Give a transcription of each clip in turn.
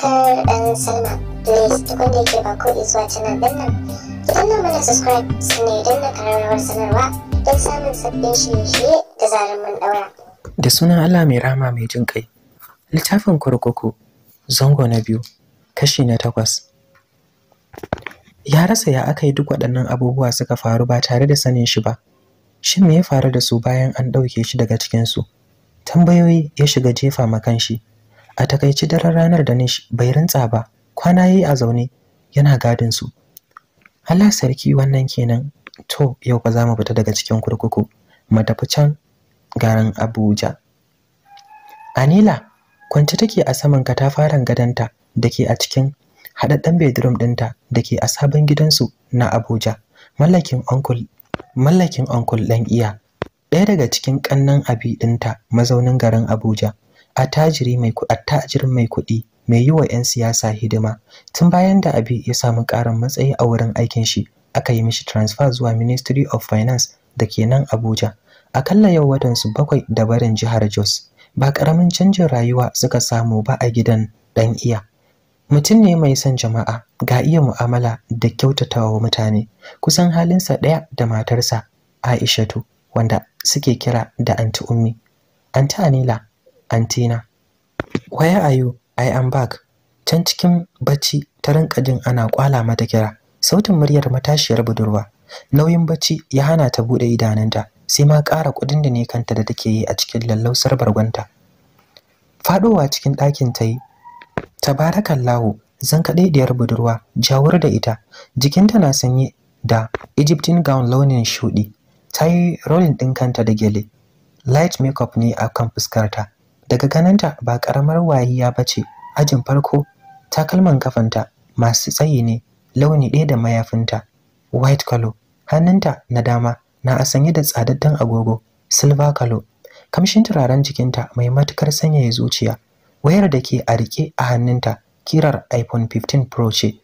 subscribe and sign up. Please da yake ba ko subscribe sanarwa don samun sabbin da sunan Allah mai rama mai jin kai. Littafin kurkuku zango na biyu kashi na takwas. Ya rasa ya aka yi duk waɗannan abubuwa suka faru ba tare da sanin shi ba. Shin me ya faru da su bayan an ɗauke shi daga cikinsu? Tambayoyi ya shiga jefa makanshi. a takaici daren ranar da nish bai rantsa ba kwana yayi a zaune yana gadin su Allah sarki wannan kenan to yau fa za mu fita daga cikin kurkuku mu garin Abuja Anila kwance take a saman katafaren gadonta da ke a cikin haɗaɗɗen bedroom ɗinta da ke a sabon gidansu na Abuja mallakin uncle mallakin uncle ɗan iya ɗaya daga cikin ƙannan abi ɗinta mazaunin garin Abuja attajirin mai kuɗi mai yi wa 'yan siyasa hidima tun bayan da abi ya samu ƙarin matsayi a wurin aikin shi aka yi mishi transfer zuwa ministry of finance da ke nan abuja kalla yau su bakwai da barin jihar jos ba ƙaramin canjin rayuwa suka samu ba a gidan ɗan iya mutum ne mai son jama'a ga iya mu'amala da kyautatawa mutane kusan halinsa ɗaya da matarsa aishatu wanda suke kira da anti ummi anti anila antina where are you i am back can cikin bacci ta rinka jin ana kwala mata kira sautin muryar matashiyar budurwa nauyin bacci ya hana ta bude idanunta sai ma ƙara kudin da ne kanta da take yi a cikin lallausar bargonta fadowa cikin ɗakin ta yi tabarakallahu zan kaɗai diyar budurwa jawar da ita jikinta na sanye da egyptian gown launin shuɗi ta yi rolling ɗin kanta da gele light makeup ne a kan fuskarta daga ganinta ba karamar wayiya ba ce ajin farko takalman kafanta masu tsayi ne launi ɗaya da mayafinta white color hannunta na dama na a sanye da tsadaddan agogo silver color kamshin turaren jikinta mai matukar sanyaya zuciya wayar da ke a rike a hannunta kirar iphone 15 pro ce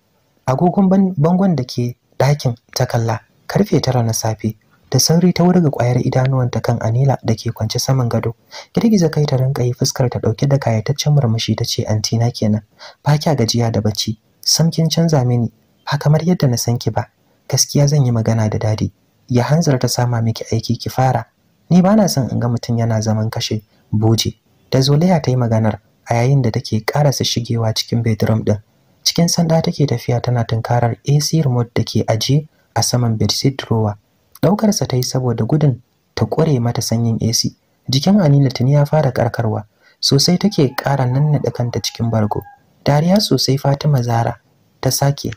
agogon bangon da ke dakin ta kalla karfe tara na safe da sauri ta wurga kwayar idanuwanta kan Anila da ke kwance saman gado girgiza kai ta rinka yi fuskar ta ɗauke da kayataccen murmushi ta ce antina kenan ba kya gajiya da bacci sam kin canza mini ba kamar yadda na san ki ba gaskiya zan yi magana da dadi ya hanzar ta sama miki aiki ki fara ni ba na son in ga mutum yana zaman kashe buje da zolaya ta yi maganar a yayin da take karasa shigewa cikin bedroom din cikin sanda take tafiya tana tunkarar AC remote da ke ajiye a saman bedsheet drawer ɗaukarsa ta yi saboda gudun ta ƙware mata sanyin AC. Jikin Anila tuni ya fara karkarwa, sosai take ƙara nannaɗe kanta cikin bargo. Dariya sosai Fatima Zara ta sake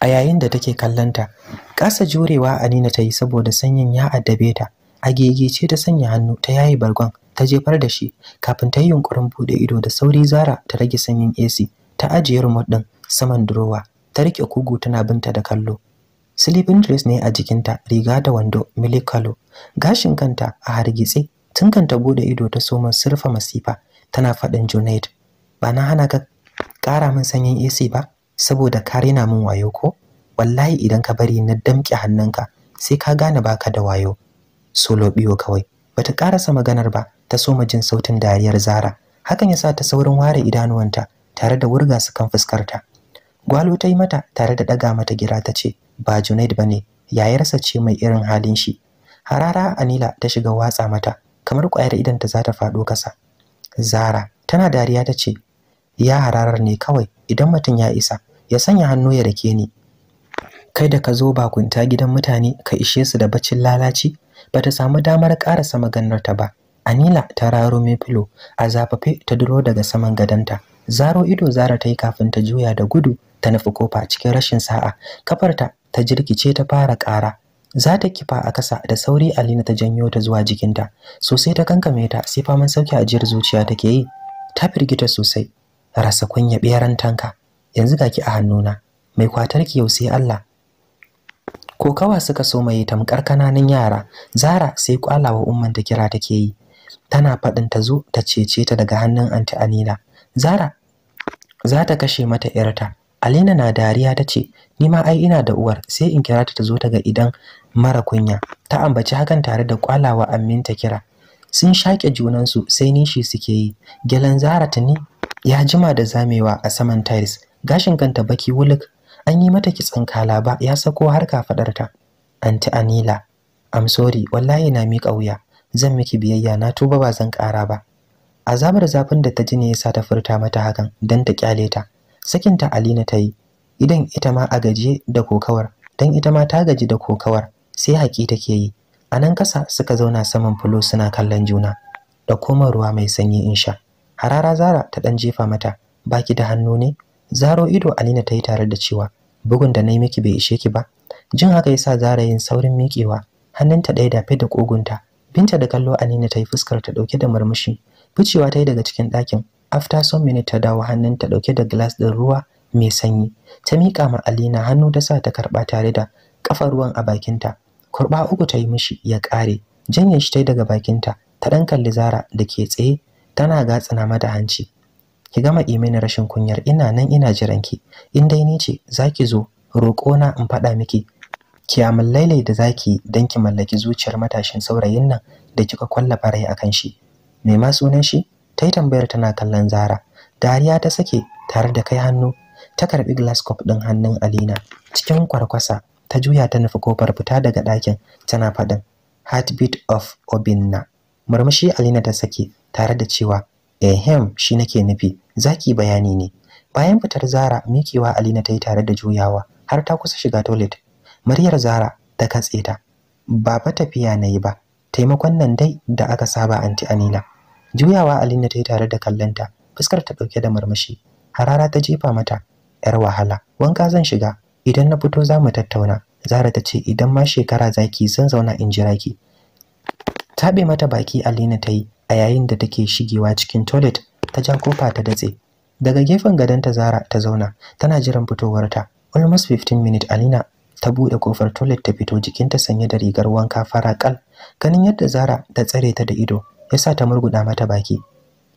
a yayin da take kallonta. Ƙasa jurewa Anila ta yi saboda sanyin ya addabe ta. A gegece ta sanya hannu ta yayi bargon ta jefar da shi kafin ta yi yunkurin buɗe ido da sauri Zara ta rage sanyin AC ta ajiye remote ɗin saman durowa ta rike kugu tana binta da kallo. sleeping dress ne a jikinta riga da wando milikalo gashin kanta a hargitse tun kanta bude ido ta soma surfa masifa tana faɗin junaid ba na hana ka ƙara min sanyin ac ba saboda ka rena min wayo ko wallahi idan ka bari na damƙe hannunka sai ka gane baka da wayo solo biyo kawai bata ƙarasa maganar ba ta soma jin sautin dariyar zara hakan ya sa ta saurin ware idanuwanta tare da wurga su kan fuskarta gwalo ta yi mata tare da ɗaga mata gira ta ce ba Junaid bane yayarsa ce mai irin halin shi harara Anila ta shiga watsa mata kamar kwayar idan ta za ta faɗo kasa Zara tana dariya ta ce ya hararar ne kawai idan mutum ya isa ya sanya hannu ya rake ni kai da ka zo bakunta gidan mutane ka ishe su da baccin lalaci ba ta samu damar ƙarasa maganar ta ba Anila ta raro filo a zafafe ta duro daga saman gadanta zaro ido Zara ta yi kafin ta juya da gudu ta nufi kofa cikin rashin sa'a kafarta ta jirkice ta fara ƙara za ta kifa a ƙasa da sauri Alina ta janyo ta zuwa jikinta sosai ta kankame ta sai faman sauki ajiyar zuciya take yi ta firgita sosai rasa kunya beran tanka yanzu gaki a hannuna mai kwatar ki yau sai Allah Kokawa suka so mai tamkar kananan yara Zara sai kwalawa umman ta kira take yi tana faɗin ta zo ta cece ta daga hannun anti Alina Zara za ta kashe mata 'yarta Alina na dariya ta ce, Ni ma ai ina da uwar, sai in kira ta ta zo ta ga idan mara kunya. Ta ambaci hakan tare da kwalawa amminta kira. Sun shaƙe junansu sai nishi suke yi. Gyalan Zara ta ne ya jima da zamewa a saman tiles. Gashin kanta baki wuluk. An yi mata kitson kalaba ya sako har kafaɗarta. Anti Anila, I'm sorry, wallahi na miƙa wuya. Zan miki biyayya na tuba ba zan ƙara ba. Azabar zafin da ta ji ne ya sa ta furta mata hakan don ta kyale ta. sakinta Alina ta yi idan ita ma a gaje da kokawar don ita ma ta gaji da kokawar sai haƙi take yi a nan kasa suka zauna saman fulo suna kallon juna da koma ruwa mai sanyi in sha harara zara ta ɗan jefa mata baki da hannu ne zaro ido Alina ta yi tare da cewa bugun da na yi miki bai ishe ki ba jin haka yasa zara yin saurin miƙewa hannunta ɗaya dafe da kogunta binta da kallo Alina ta yi fuskar ta ɗauke da murmushi ficewa ta yi daga cikin ɗakin after some minute ta dawo ta dauke da glass din ruwa mai sanyi ta miƙa ma Alina hannu da sa ta karba tare da kafar ruwan a bakinta kurba uku ta yi mishi ya kare janye shi ta daga bakinta ta dan kalli Zara da ke tsaye tana gatsana mata hanci ki gama mini rashin kunyar ina nan ina jiranki in dai ni ce zaki zo roƙo na in faɗa miki ki amallaile da zaki dan ki mallaki zuciyar matashin saurayin nan da kika kwalla farai akan shi me ma sunan shi ta yi tambayar tana kallon zara dariya ta sake tare da kai hannu ta karbi glass cup din hannun alina cikin kwarkwasa ta juya ta nufi kofar fita daga ɗakin tana faɗin heartbeat of obinna murmushi alina ta sake tare da cewa ehem eh, shi nake nufi zaki bayani ne bayan fitar zara mikewa alina ta yi tare da juyawa har ta kusa shiga toilet muryar zara ta katse ta ba fa tafiya na yi ba taimakon nan dai da aka saba anti anina juyawa alina ta yi tare da kallonta fuskar ta ɗauke da marmashi harara ta jefa mata yar wahala wanka zan shiga idan na fito za mu tattauna zara ta ce idan ma shekara zaki zan zauna in jira ki taɓe mata baki alina ta yi a yayin da take shigewa cikin toilet ta ja kofa ta datse daga gefen gadonta zara ta zauna tana jiran fitowarta almost 15 minutes alina ta buɗe kofar toilet ta fito jikinta sanye da rigar wanka fara kal ganin yadda zara ta tsare ta da ido yasa ta murguda mata baki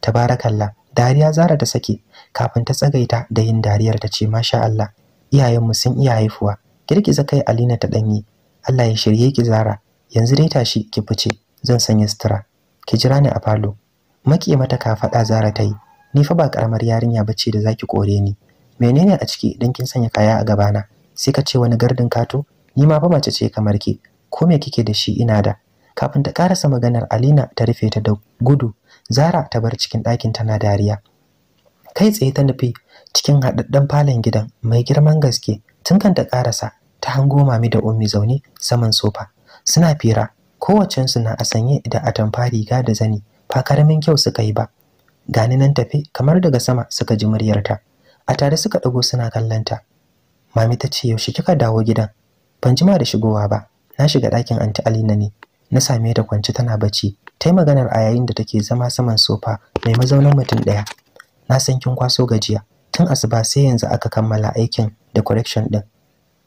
tabarakallah dariya zara ta sake kafin ta tsagaita da yin dariyar ta ce masha Allah iyayenmu sun iya haifuwa girgiza kai Alina ta danyi Allah ya shirye ki zara yanzu dai tashi ki fice zan sanya sutura ki jira ni a falo make mata ka faɗa zara ta yi ni fa ba karamar yarinya bace da zaki kore ni menene a ciki dan kin sanya kaya a gabana sai ka ce wani gardin kato ni ma fa mace ce kamar ki ko me kike da shi ina da kafin ta karasa maganar Alina ta rufe ta da gudu Zara ta bar cikin ɗakin tana dariya kai tsaye ta nufi cikin haɗaɗɗen falon gidan mai girman gaske tun kan ta karasa ta hango mami da ummi zaune saman sofa suna fira kowacensu na a sanye da atamfa riga da zani ba karamin kyau suka yi ba gani nan tafe kamar daga sama suka ji muryarta a tare suka ɗago suna ta mami ta ce yaushe kika dawo gidan ban jima da shigowa ba na shiga ɗakin anti alina ne na same da kwance tana bacci ta yi maganar a yayin da take zama saman sofa mai mazaunin mutum ɗaya na san kin kwaso gajiya tun asuba sai yanzu aka kammala aikin da correction ɗin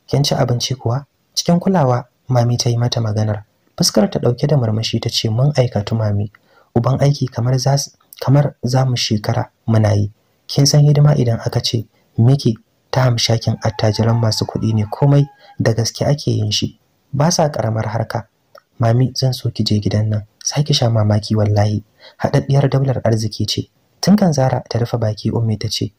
kin ci abinci kuwa cikin kulawa mami ta yi mata maganar fuskar ta ɗauke da murmushi ta ce mun aikatu mami uban aiki kamar za kamar za mu shekara muna yi kin san hidima idan aka ce miki ta hamshakin attajiran masu kuɗi ne komai da gaske ake yin shi ba sa ƙaramar harka mami zan so ki je gidan nan sai ki sha mamaki wallahi haɗaɗɗiyar daular arziki ce tun kan zara ta rufe baki ummi ta ce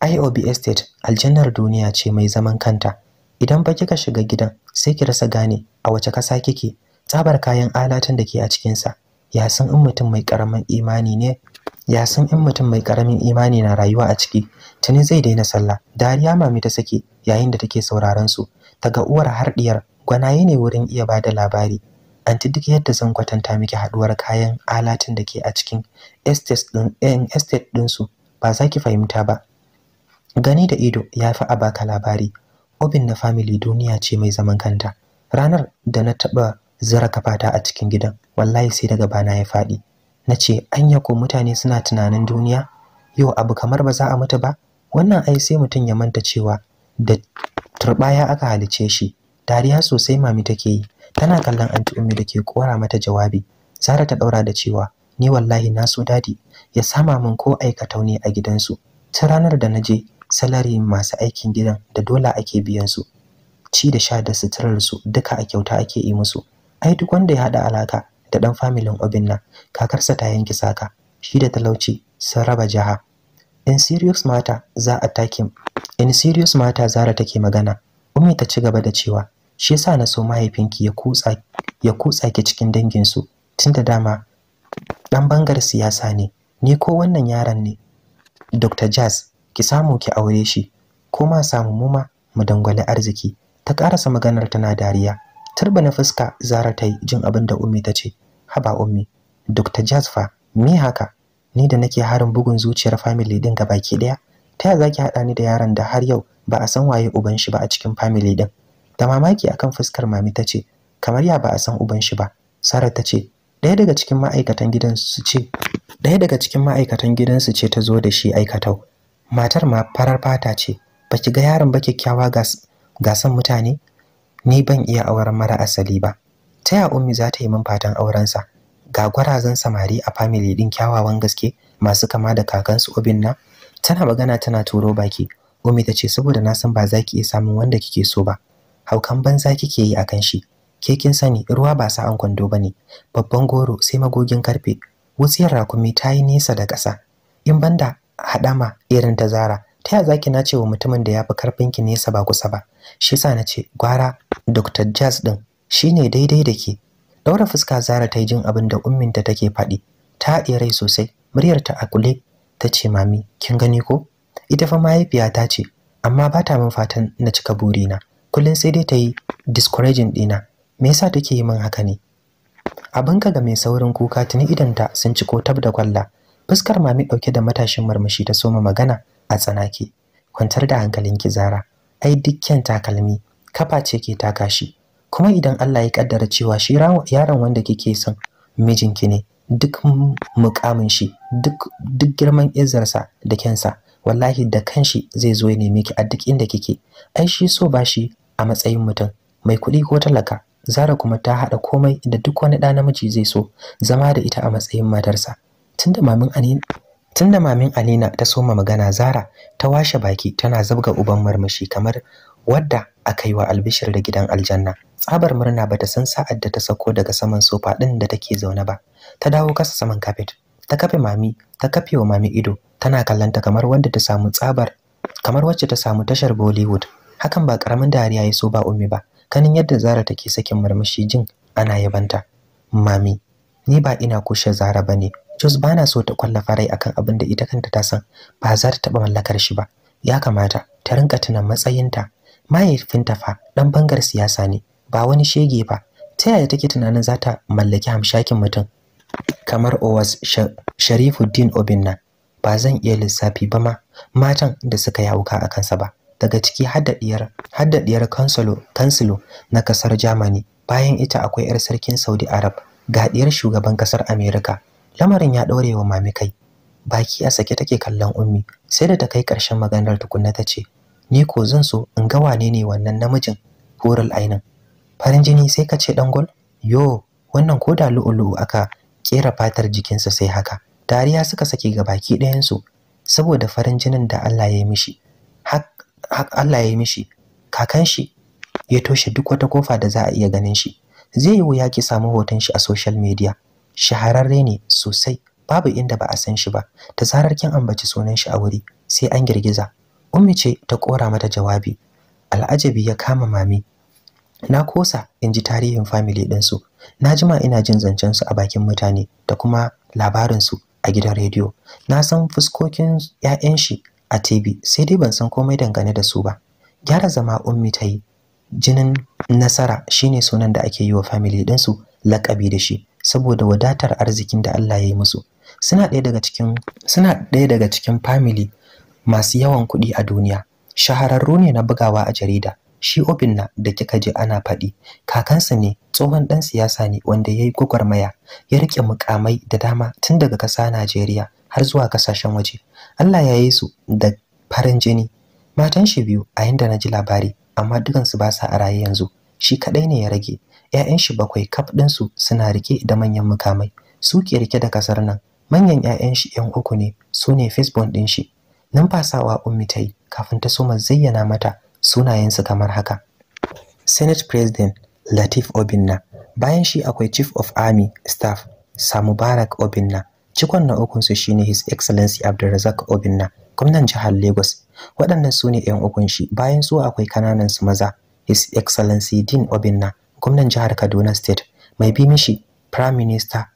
IOB Estate aljannar duniya ce mai zaman kanta idan ba kika shiga gidan sai ki rasa gane a wace kasa kike tsabar kayan alatan da ke a cikin sa ya san in mutum mai ƙaramin imani ne ya san in mai karamin imani na rayuwa a ciki tuni zai daina sallah dariya mami ta sake yayin da take sauraron su ta ga uwar har diyar gwanaye ne wurin iya ba da labari anti duk yadda zan kwatanta miki haduwar kayan alatin da ke a cikin eh, estate ɗinsu ba za ki fahimta ba gani da ido ya fi a baka labari obin na family duniya ce mai zaman kanta ranar da na taɓa zara kafata a cikin gidan wallahi sai daga bana ya faɗi na ce anya ko mutane suna tunanin duniya yau abu kamar ba za a mutu ba wannan ai sai mutum ya manta cewa da turbaya aka halice shi dariya sosai mami take yi tana kallon anti ummi da ke kora mata jawabi zara ta daura da cewa ni wallahi na so dadi ya sama min ko aikatau ne a gidansu ta ranar da na je salari masu aikin gidan da dola ake biyan su ci da sha da suturar su duka a kyauta ake yi musu ai duk wanda ya hada alaka da dan familin obin nan kakarsa ta yanki saka shi da talauci sun raba jaha in serious matter za a takin in serious mata zara take magana ummi ta ci gaba da cewa shi yasa na so mahaifinki ya kutsa ya kutsa ki cikin dangin su tunda dama dan bangar siyasa ne ni ko wannan yaron ne Dr. Jazz ki samu ki aure shi ko ma samu mu ma mu dangwale arziki ta karasa maganar tana dariya turba na fuska Zara ta yi jin abin da Ummi ta ce haba Ummi Dr. Jazz fa me haka ni da nake harin bugun zuciyar family din gabaki daya ta ya zaki hada ni da yaron da har yau ba a san waye uban shi ba a cikin family din da mamaki akan fuskar mami ta ce kamar ya ba a san uban shi ba sara ta ce ɗaya daga cikin ma'aikatan gidan su ce ɗaya daga cikin ma'aikatan gidan su ce ta zo da shi aikatau matar ma farar fata ce baki ga yaron ba kyakkyawa ga san mutane ni ban iya auren mara asali ba ta ya ummi za ta yi min fatan aurensa ga gwarazan samari a family din kyawawan gaske masu kama da kakansu obin na tana magana tana turo baki ummi ta ce saboda na san ba za ki iya samun wanda kike so ba haukan banza kike yi akan shi ke kin sani ruwa ba sa an kwando bane babban goro sai magogin karfe wutsiyar rakumi ta yi nesa da ƙasa in banda haɗama irin ta zara ta ya zaki na ce wa mutumin da ya fi karfin ki nesa ba kusa ba shi sa na ce gwara dr jazz din shine daidai da ke daura fuska zara ta yi jin abin da umminta take faɗi ta haɗe rai sosai muryar ta kule ta ce mami kin gani ko ita fa mahaifiya ta ce amma ba ta min fatan na cika burina kullum sai dai ta yi discouraging ɗina me yasa take yi min haka ne abinka ga mai saurin kuka tuni idanta sun ci kotab da kwalla fuskar mami ɗauke da matashin marmashi ta soma magana a tsanake kwantar da hankalin ki zara ai dukkan takalmi kafa ce ke taka shi kuma idan Allah ya kaddara cewa shi yaron wanda kike son mijinki ne duk mukamin shi duk girman izzarsa da kensa wallahi da kanshi zai zo ya neme ki a duk inda kike ai shi so ba shi a matsayin mutum mai kuɗi ko talaka Zara kuma ta haɗa komai da duk wani ɗa namiji zai so zama da ita a matsayin matarsa tunda mamin Anina tunda mamin Anina ta soma magana Zara ta washe baki tana zabga uban marmashi kamar wadda aka yi wa albishir da gidan aljanna tsabar murna bata san sa'ad da ta sako daga saman sofa ɗin da take zaune ba ta dawo kasa saman kafet ta kafe mami ta kafe wa mami ido tana kallanta kamar wanda ta samu tsabar kamar wacce ta samu tashar Bollywood hakan ba karamin dariya ya so ba ummi ba kanin yadda Zara take sakin murmushi jin ana yabanta mami ni ba ina kushe Zara bane Jos bana so ta kwallafa rai akan abin da ita kanta ta san ba za ta taba mallakar shi ba ya kamata ta rinka tunan matsayinta mahaifinta fa dan bangar siyasa ne ba wani shege ba ta yaya take tunanin za ta mallaki hamshakin mutum kamar Owas Sharifuddin Obinna ba zan iya lissafi ba ma matan da suka yi hauka a kansa ba daga ciki har da kansilo na kasar Germany bayan ita akwai 'yar sarkin Saudi Arab ga diyar shugaban kasar America lamarin ya daure wa mami kai baki a sake take kallon ummi sai da ta kai ƙarshen maganar tukunna ta ce ni ko zan so in ga wane ne wannan namijin horal ainin farin jini sai ka ce dangol yo wannan ko da lu'ulu'u aka kera fatar jikinsa sai haka dariya suka sake ga baki ɗayansu saboda farin jinin da Allah ya yi mishi hak Allah ya yi mishi kakan shi ya toshe duk wata kofa da za a iya ganin shi zai yi wuya ki samu hoton shi a social media shahararre ne sosai babu inda ba a san shi ba ta zarar kin ambaci sunan shi a wuri sai an girgiza ummi ce ta kora mata jawabi al'ajabi ya kama mami na kosa in ji tarihin family ɗinsu na jima ina jin zancen su a bakin mutane da kuma labarin su. a gidan rediyo na san fuskokin 'ya'yan shi a TV sai dai ban san komai dangane da su ba gyara zama ummi ta yi jinin nasara shine sunan da ake yi wa family din lakabi da shi saboda wadatar arzikin da Allah ya yi musu suna ɗaya daga cikin suna ɗaya daga cikin family masu yawan kuɗi a duniya shahararru ne na bugawa a jarida shi Obinna, da kika ji ana faɗi kakansa ne tsohon ɗan siyasa ne wanda ya yi gwagwarmaya ya riƙe mukamai da dama tun daga ƙasa najeriya har zuwa ƙasashen waje allah ya yi su da farin jini matan shi biyu a yanda na ji labari amma dukansu ba sa a raye yanzu shi kaɗai ne ya rage 'ya'yan shi bakwai kaf ɗinsu suna rike da manyan mukamai su ke rike da ƙasar nan manyan 'ya'yan shi 'yan uku ne su ne facebook ɗin shi numfasawa ummi ta yi kafin ta soma zayyana mata sunayensu kamar haka senate president latif obinna bayan shi akwai chief of army staff samu barak obinna cikon na ukunsu shine his excellency abdulrazak obinna gwamnan jihar lagos waɗannan su ne 'yan ukun shi bayan su akwai kananan su maza his excellency dean obinna gwamnan jihar kaduna state mai bi mishi prime minister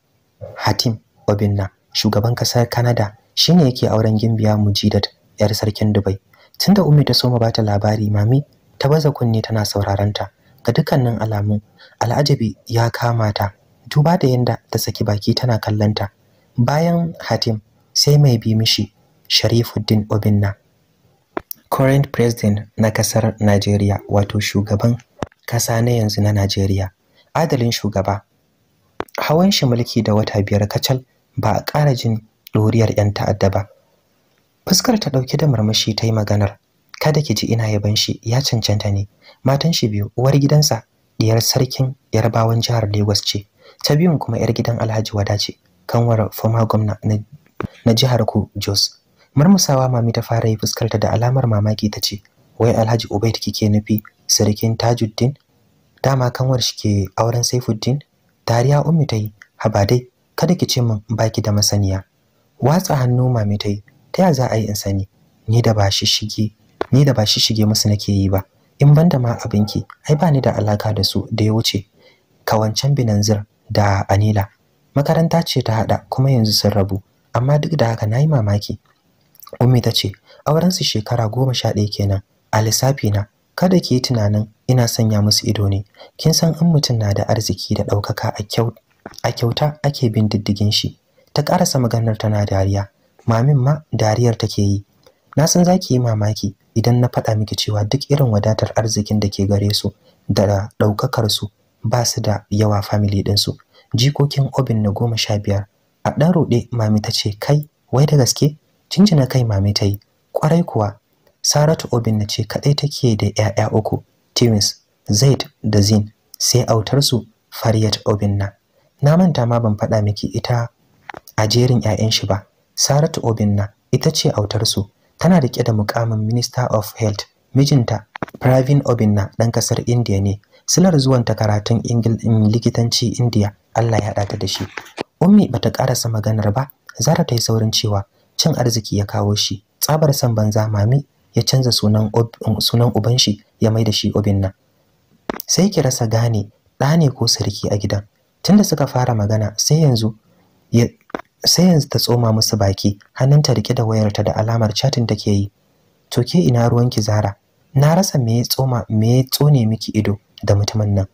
hatim obinna shugaban kasar canada shine yake auren gimbiya mujidat yar sarkin dubai tunda ummi ta soma bata labari mami ta baza kunne tana sauraron ta ga dukkanin alamu al'ajabi ya kama ta duba da yanda ta saki baki tana kallon ta bayan hatim sai mai bi mishi sharifuddin obinna current president na kasar Najeriya wato shugaban kasa na yanzu na Najeriya adalin shugaba hawan shi mulki da wata biyar kacal ba a ƙara jin ɗoriyar 'yan ta'adda ba fuskar ta dauke da murmushi ta yi maganar kada ki ji ina yaban shi ya cancanta ne matan shi biyu uwar gidansa diyar sarkin yarbawan jihar Lagos ce ta biyun kuma yar gidan Alhaji Wada ce kanwar former gwamna na jihar ku Jos murmusawa mami ta fara yi fuskar ta da alamar mamaki ta ce wai Alhaji Ubaid kike nufi sarkin Tajuddin dama kanwar shi ke auren Saifuddin dariya ummi ta yi haba dai kada ki ce min baki da masaniya watsa hannu mami ta yi ta ya za a yi in sani ni da ba shi shige ni da ba shi shige musu nake yi ba in ban da ma abinki ai ba ni da alaka da su da ya wuce wancan binanzir da anila makaranta ce ta hada kuma yanzu sun rabu amma duk da haka nayi mamaki ummi ta ce auren su shekara goma sha ɗaya kenan a lissafi na kada ki yi tunanin ina sanya musu ido ne kin san in mutum na da arziki da ɗaukaka a kyauta ake bin diddigin shi ta ƙarasa maganar tana dariya mamin ma dariyar take yi na san zaki yi mamaki idan na faɗa miki cewa duk irin wadatar arzikin da ke gare su da ɗaukakar su ba su da yawa family su jikokin obin na goma sha biyar a ɗan ruɗe mami ta ce kai wai da gaske "Cincina kai mami ta yi ƙwarai kuwa saratu obin na ce kaɗai take da 'ya'ya uku twins zaid da zin sai autarsu fariyat obin na na manta ma ban faɗa miki ita a jerin 'ya'yan shi ba Saratu Obinna ita ce autarsu, tana rike da mukamin Minister of Health. Mijinta Pravin Obinna ɗan ƙasar India ne. Silar ta karatun mm, likitanci India Allah ya haɗa ta da shi. Ummi bata ƙarasa maganar ba, Zara ta yi saurin cewa cin arziki ya kawo shi. Tsabar san banza mami ya canza sunan mm, sunan uban shi ya mai da shi Obinna. Sai ki rasa gane ɗa ne ko sarki a gidan. Tunda suka fara magana sai yanzu sai yanzu ta tsoma musu baki hannunta rike da wayarta da alamar chatin take yi to ke ina ruwanki zara na rasa me ya tsoma me ya tsone miki ido da mutumin nan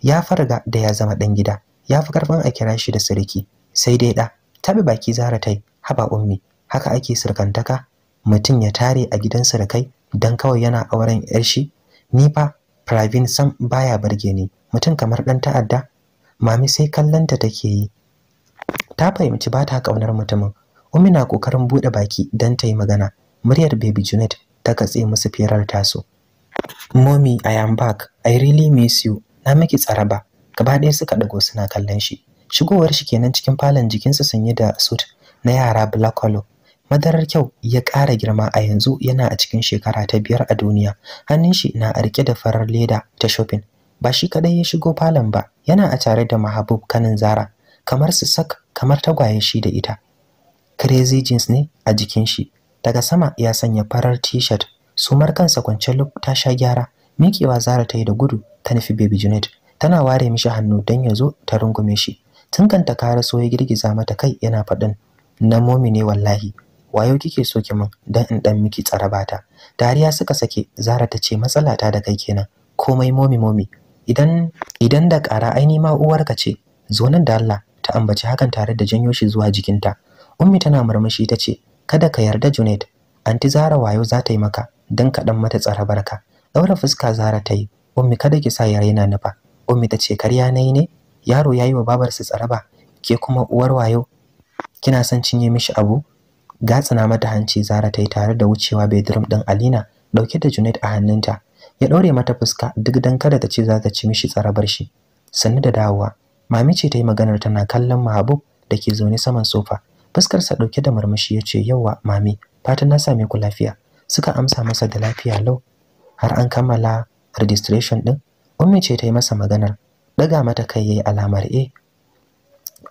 ya farga da ya zama dan gida ya fi karfin a kira shi da siriki sai dai da tabi baki zara tai haba ummi haka ake surkantaka mutum ya tare a gidan sirkai dan kawai yana auren yar shi ni fa Pravin sam baya barge ni mutum kamar dan ta'adda mami sai kallanta take yi ta fahimci ba ta ƙaunar mutumin Umi na kokarin buɗe baki don ta yi magana muryar baby Junet ta katse musu firar taso mommy i am back i really miss you na miki tsaraba gaba ɗaya suka ɗago suna kallon shi shigowar shi kenan cikin falon jikinsa sanye da suit na yara black color madarar kyau ya ƙara girma a yanzu yana a cikin shekara ta biyar a duniya hannun shi na rike da farar leda ta shopping ba shi kadai ya shigo falon ba yana a tare da mahabub kanin zara kamar su sak kamar tagwayen shi da ita crazy jeans ne a jikin shi daga sama ya sanya farar t-shirt sumar kansa kwance lu ta sha gyara miƙewa zara ta yi da gudu ta nufi baby junet tana ware mishi hannu don ya zo ta rungume shi tunkanta kara so ya girgiza mata kai yana faɗin na momi ne wallahi wayo kike so ki min dan in ɗan miki tsarabata dariya suka sake zara ta ce matsala ta da kai kenan komai momi momi idan idan da ƙara aini ma uwarka ce zo nan da Allah ta ambaci hakan tare da janyo shi zuwa jikinta ummi tana murmushi ta ce kada ka yarda junaid anti zara wayo za ta yi maka don kaɗan mata tsara barka Daura fuska zara ta yi ummi kada ki sa yare na nufa ummi ta ce karya na ne yaro ya yi wa babarsa tsaraba ke kuma uwar wayo kina son cinye mishi abu gatsina mata hanci zara ta yi tare da wucewa bedroom ɗin alina ɗauke da junaid a hannunta ya ɗaure mata fuska duk dan kada ta ce za ta ci mishi tsarabar shi sannu da dawowa mami ce ta yi maganar tana kallon mahabub da ke zaune saman sofa fuskarsa ɗauke da murmushi ya ce Yauwa, mami fatan na same ku lafiya suka amsa masa da lafiya lau har an kammala registration ɗin ummi ce ta yi masa maganar ɗaga mata kai ya yi alamar e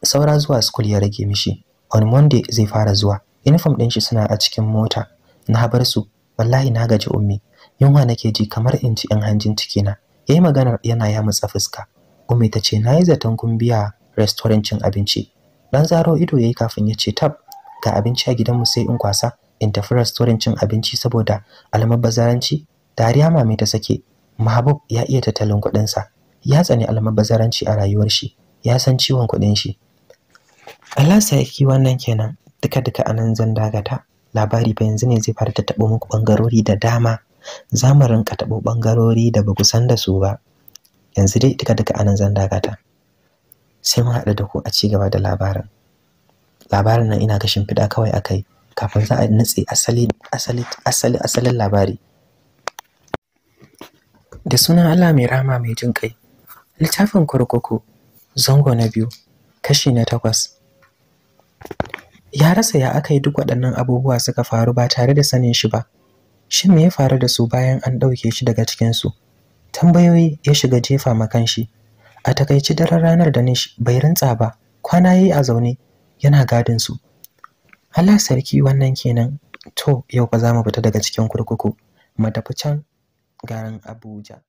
saura zuwa school ya rage mishi on monday zai fara zuwa uniform ɗin shi suna a cikin mota na bar su wallahi na gaji ummi yunwa nake ji kamar in ci 'yan hanjin cikina ya yi maganar yana yamutsa fuska Ummi ta ce na yi zaton kun biya restaurant cin abinci. Dan zaro ido yayi kafin ya ce tab ga abinci a gidanmu sai in kwasa in tafi restaurant cin abinci saboda almabazaranci Dariya mami ta sake. Mahabub ya iya tattalin kuɗinsa. Ya tsani almabazaranci a rayuwar shi. Ya san ciwon kuɗin shi. Allah sarki wannan kenan. Duka-duka anan zan dagata. labari fa yanzu ne zai fara taɓo muku ɓangarori da dama za mu rinka taɓo ɓangarori da ba ku san da su ba yanzu dai duka duka anan zan ta, sai mun haɗu da ku a ci gaba da labarin labarin nan ina ga shimfiɗa kawai akai kafin za a nutse asali asali asali asalin labari da sunan Allah mai rama mai jin kai littafin kurkuku zango na biyu kashi na takwas ya rasa ya aka yi duk waɗannan abubuwa suka faru ba tare da sanin shi ba shin me ya faru da su bayan an ɗauke shi daga cikinsu tambayoyi ya shiga jefa makan shi a takaici daren ranar da nish bai rantsa ba kwana yayi a zaune yana gadin su Allah sarki wannan kenan to yau fa za mu fita daga cikin kurkuku mu tafi can garin Abuja